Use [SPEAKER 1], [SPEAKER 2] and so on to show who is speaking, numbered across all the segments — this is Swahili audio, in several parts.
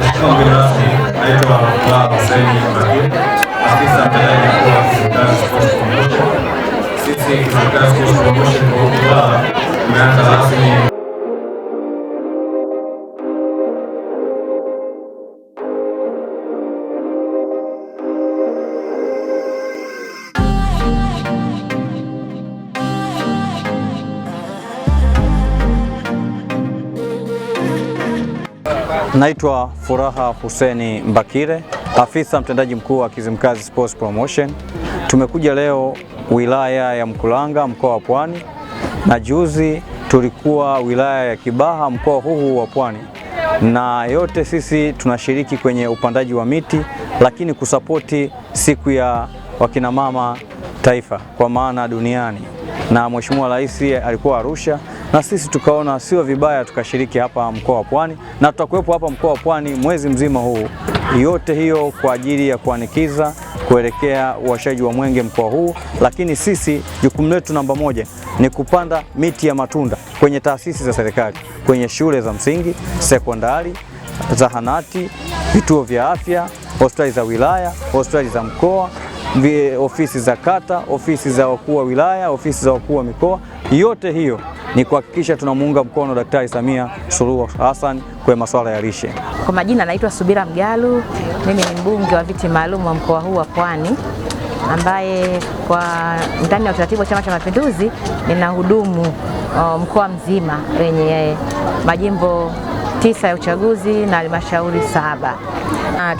[SPEAKER 1] Kongresi, Naitwa Furaha Huseni Mbakire, afisa mtendaji mkuu wa Kizimkazi Sports Promotion. Tumekuja leo wilaya ya Mkuranga, mkoa wa Pwani, na juzi tulikuwa wilaya ya Kibaha, mkoa huu wa Pwani, na yote sisi tunashiriki kwenye upandaji wa miti, lakini kusapoti siku ya wakinamama taifa, kwa maana duniani, na Mheshimiwa Rais alikuwa Arusha na sisi tukaona sio vibaya tukashiriki hapa mkoa wa Pwani, na tutakuwepo hapa mkoa wa Pwani mwezi mzima huu, yote hiyo kwa ajili ya kuanikiza kuelekea uwashaji wa mwenge mkoa huu. Lakini sisi jukumu letu namba moja ni kupanda miti ya matunda kwenye taasisi za serikali, kwenye shule za msingi, sekondari, zahanati, vituo vya afya, hospitali za wilaya, hospitali za mkoa, ofisi za kata, ofisi za wakuu wa wilaya, ofisi za wakuu wa mikoa, yote hiyo ni kuhakikisha tunamuunga mkono Daktari Samia Suluhu Hassan kwa masuala ya lishe.
[SPEAKER 2] Kwa majina naitwa Subira Mgalu, mimi ni mbunge wa viti maalum wa mkoa huu wa Pwani ambaye kwa ndani ya utaratibu wa Chama cha Mapinduzi nina uh, mkoa mzima wenye majimbo tisa ya uchaguzi na halmashauri saba.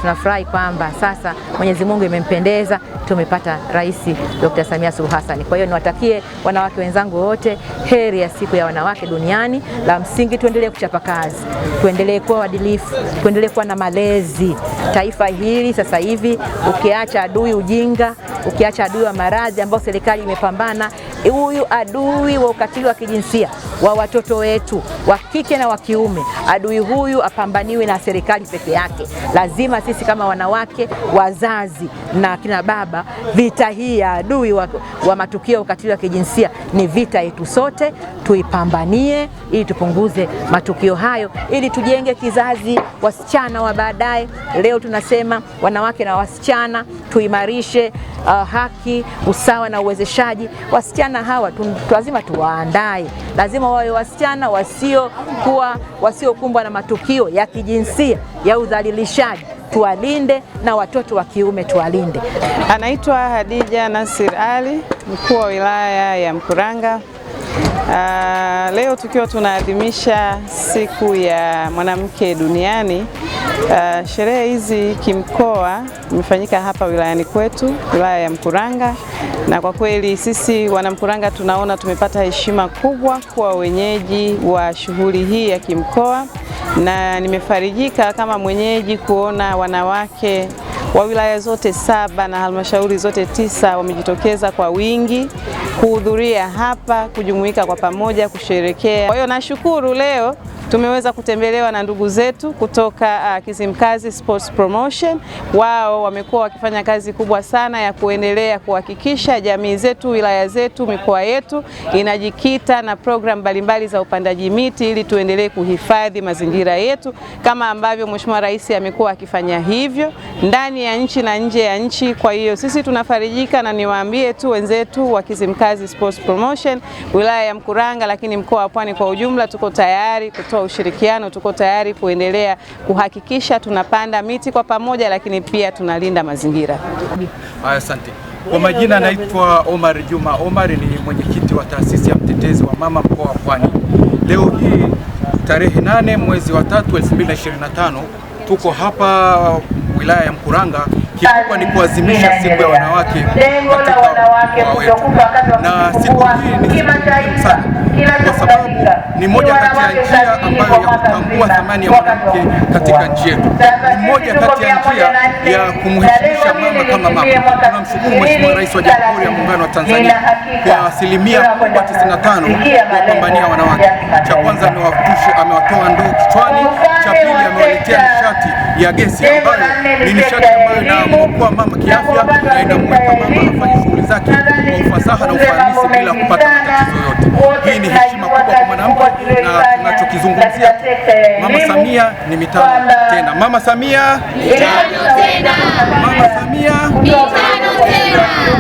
[SPEAKER 2] Tunafurahi kwamba sasa Mwenyezi Mungu imempendeza tumepata Rais Dr. Samia Suluhu Hassan. Kwa hiyo niwatakie wanawake wenzangu wote heri ya siku ya wanawake duniani. La msingi tuendelee kuchapa kazi, tuendelee kuwa wadilifu tuendelee kuwa na malezi. Taifa hili sasa hivi ukiacha adui ujinga, ukiacha adui wa maradhi ambao serikali imepambana, huyu adui wa ukatili wa kijinsia wa watoto wetu wa kike na wa kiume. Adui huyu apambaniwe na serikali peke yake. Lazima sisi kama wanawake, wazazi na kina baba, vita hii ya adui wa, wa matukio ya ukatili wa kijinsia ni vita yetu sote, tuipambanie ili tupunguze matukio hayo, ili tujenge kizazi wasichana wa baadaye. Leo tunasema wanawake na wasichana tuimarishe uh, haki, usawa na uwezeshaji. Wasichana hawa lazima tuwaandae lazima wawe wasichana wasiokuwa wasiokumbwa na matukio ya kijinsia ya udhalilishaji tuwalinde na watoto wa kiume tuwalinde.
[SPEAKER 3] Anaitwa Hadija Nasir Ali, mkuu wa wilaya ya Mkuranga. Uh, leo tukiwa tunaadhimisha siku ya mwanamke duniani, uh, sherehe hizi kimkoa imefanyika hapa wilayani kwetu, wilaya ya Mkuranga, na kwa kweli sisi wanamkuranga tunaona tumepata heshima kubwa kuwa wenyeji wa shughuli hii ya kimkoa, na nimefarijika kama mwenyeji kuona wanawake wa wilaya zote saba na halmashauri zote tisa wamejitokeza kwa wingi kuhudhuria hapa, kujumuika kwa pamoja kusherekea. Kwa hiyo nashukuru leo Tumeweza kutembelewa na ndugu zetu kutoka uh, Kizimkazi Sports Promotion. Wao wamekuwa wakifanya kazi kubwa sana ya kuendelea kuhakikisha jamii zetu, wilaya zetu, mikoa yetu inajikita na programu mbalimbali za upandaji miti ili tuendelee kuhifadhi mazingira yetu kama ambavyo Mheshimiwa Rais amekuwa akifanya hivyo ndani ya nchi na nje ya nchi. Kwa hiyo sisi tunafarijika na niwaambie tu wenzetu wa Kizimkazi Sports Promotion, wilaya ya Mkuranga, lakini mkoa wa Pwani kwa ujumla tuko tayari kutoa wa ushirikiano, tuko tayari kuendelea kuhakikisha tunapanda miti kwa pamoja, lakini pia tunalinda mazingira.
[SPEAKER 4] Asante. Kwa majina anaitwa Omar Juma Omar, ni mwenyekiti wa taasisi ya mtetezi wa mama mkoa wa Pwani. Leo hii tarehe 8 mwezi wa 3 2025 tuko hapa wilaya ya Mkuranga kikubwa ni kuazimisha siku ya wanawake katika mkoa wetu, na siku hii ni sana kwa sababu ni moja kati ya njia ambayo ya kutambua thamani ya mwanamke katika nchi yetu, ni moja kati ya njia ya kumheshimisha mama kama mama. Tunamshukuru Mheshimiwa Rais wa Jamhuri ya Muungano wa Tanzania kwa asilimia kubwa 95 kupambania wanawake. Cha kwanza amewavusha, amewatoa ndoo kichwani. Cha pili amewaletea nishati ya gesi ambayo ni nishati ambayo na kwa mama kiafya na inamweka mama afanye shughuli zake kwa ufasaha na ufanisi bila kupata matatizo yote. Hii ni heshima kubwa kwa mwanamke, na tunachokizungumzia mama Samia ni mitano tena, mama Samia
[SPEAKER 5] mitano tena,
[SPEAKER 4] mama Samia
[SPEAKER 5] mitano tena.